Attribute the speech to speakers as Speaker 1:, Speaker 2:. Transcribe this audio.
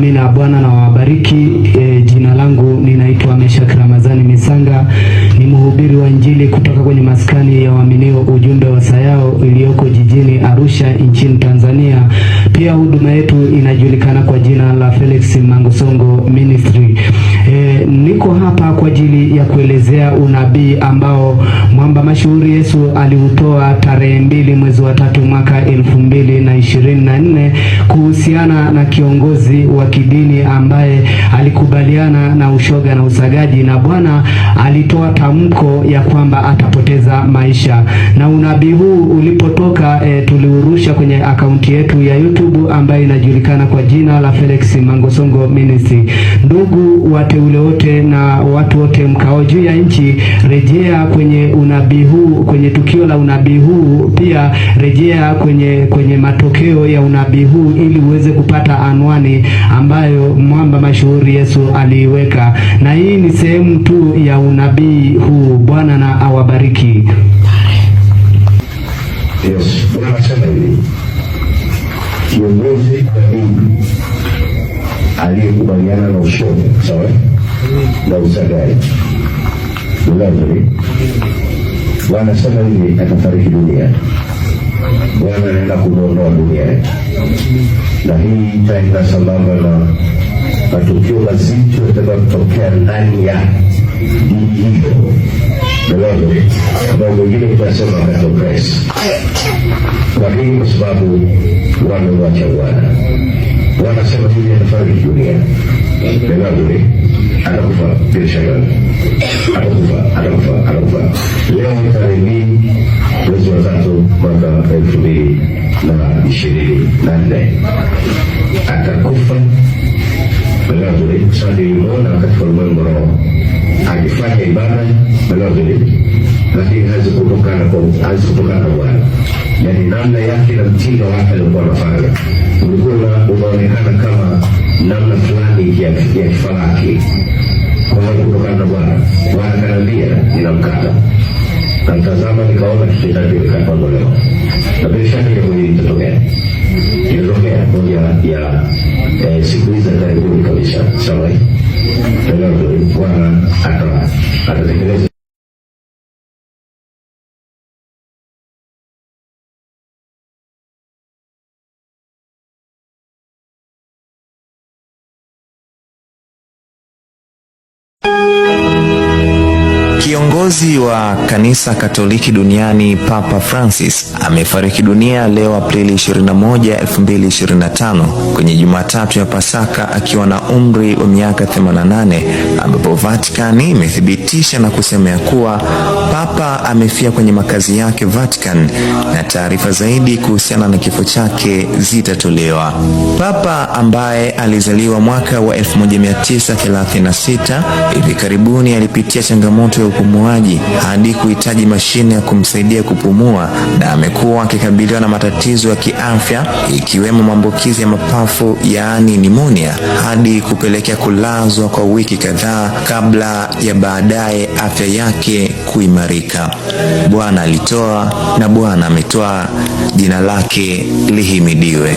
Speaker 1: Amina. Bwana na wabariki. E, jina langu ninaitwa Meshak Ramazani Misanga, ni mhubiri wa Injili kutoka kwenye maskani ya waaminio ujumbe wa Sayao iliyoko jijini Arusha nchini Tanzania. Pia huduma yetu inajulikana kwa jina la Felix Mangusongo Ministry. E, niko hapa kwa ajili ya kuelezea unabii ambao mwamba mashuhuri Yesu aliutoa tarehe mbili mwezi wa tatu mwaka elfu mbili na ishirini na nne kuhusiana na kiongozi wa kidini ambaye alikubaliana na ushoga na usagaji, na Bwana alitoa tamko ya kwamba atapoteza maisha. Na unabii huu ulipotoka, e, tuliurusha kwenye akaunti yetu ya YouTube ambayo inajulikana kwa jina la Felix Mangosongo Ministry. Ndugu wateule wote na watu wote mkao juu ya nchi, rejea kwenye unabii huu, kwenye tukio la unabii huu, pia rejea kwenye kwenye matokeo ya unabii huu, ili uweze kupata anwani ambayo mwamba mashuhuri Yesu aliiweka. Na hii ni sehemu tu ya unabii huu. Bwana na awabariki.
Speaker 2: Yes. Kiongozi aliyekubaliana na usomi sawa nggak usah guys jelas jadi ini akan tarik dunia wa nanena kudono dunia nahi taina salabana matukio mazito yatakayotokea ndani ya jiji hilo Beleza? Ndio mwingine utasema hata press. Kwa nini? Kwa sababu wamewacha wana ini akan anafariki dunia. Beleza? atakufa bila shaka, atakufa atakufa atakufa. Leo tarehe mbili mwezi wa tatu mwaka elfu mbili na ishirini na nne atakufa. Melazuli kwa sababu nilimwona katika ulimwengu roho akifanya ibada Melazuli, lakini hazikutokana kwa hazikutokana kwa yani namna yake na mtindo wake alikuwa anafanya ulikuwa unaonekana kama namna fulani ya kifaa haki kwaio, kutokana na Bwana Bwana kaniambia ninamkata, namtazama nikaona kitu kitachoondolewa, na bila shaka tapi saya tidak boleh moja ya siku hizi za karibuni kabisa. Sawa, Bwana atatekeleza
Speaker 1: Kiongozi wa kanisa Katoliki duniani Papa Francis amefariki dunia leo Aprili 21, 2025 kwenye Jumatatu ya Pasaka akiwa na umri wa miaka 88, ambapo Vatican imethibitisha na kusema ya kuwa Papa amefia kwenye makazi yake Vatican, na taarifa zaidi kuhusiana na kifo chake zitatolewa. Papa ambaye alizaliwa mwaka wa 1936 hivi karibuni alipitia changamoto ya upumuaji hadi kuhitaji mashine ya kumsaidia kupumua na amekuwa akikabiliwa na matatizo ya kiafya ikiwemo maambukizi ya mapafu yaani nimonia hadi kupelekea kulazwa kwa wiki kadhaa kabla ya baadaye afya yake kuimarika. Bwana alitoa na Bwana ametoa jina lake lihimidiwe.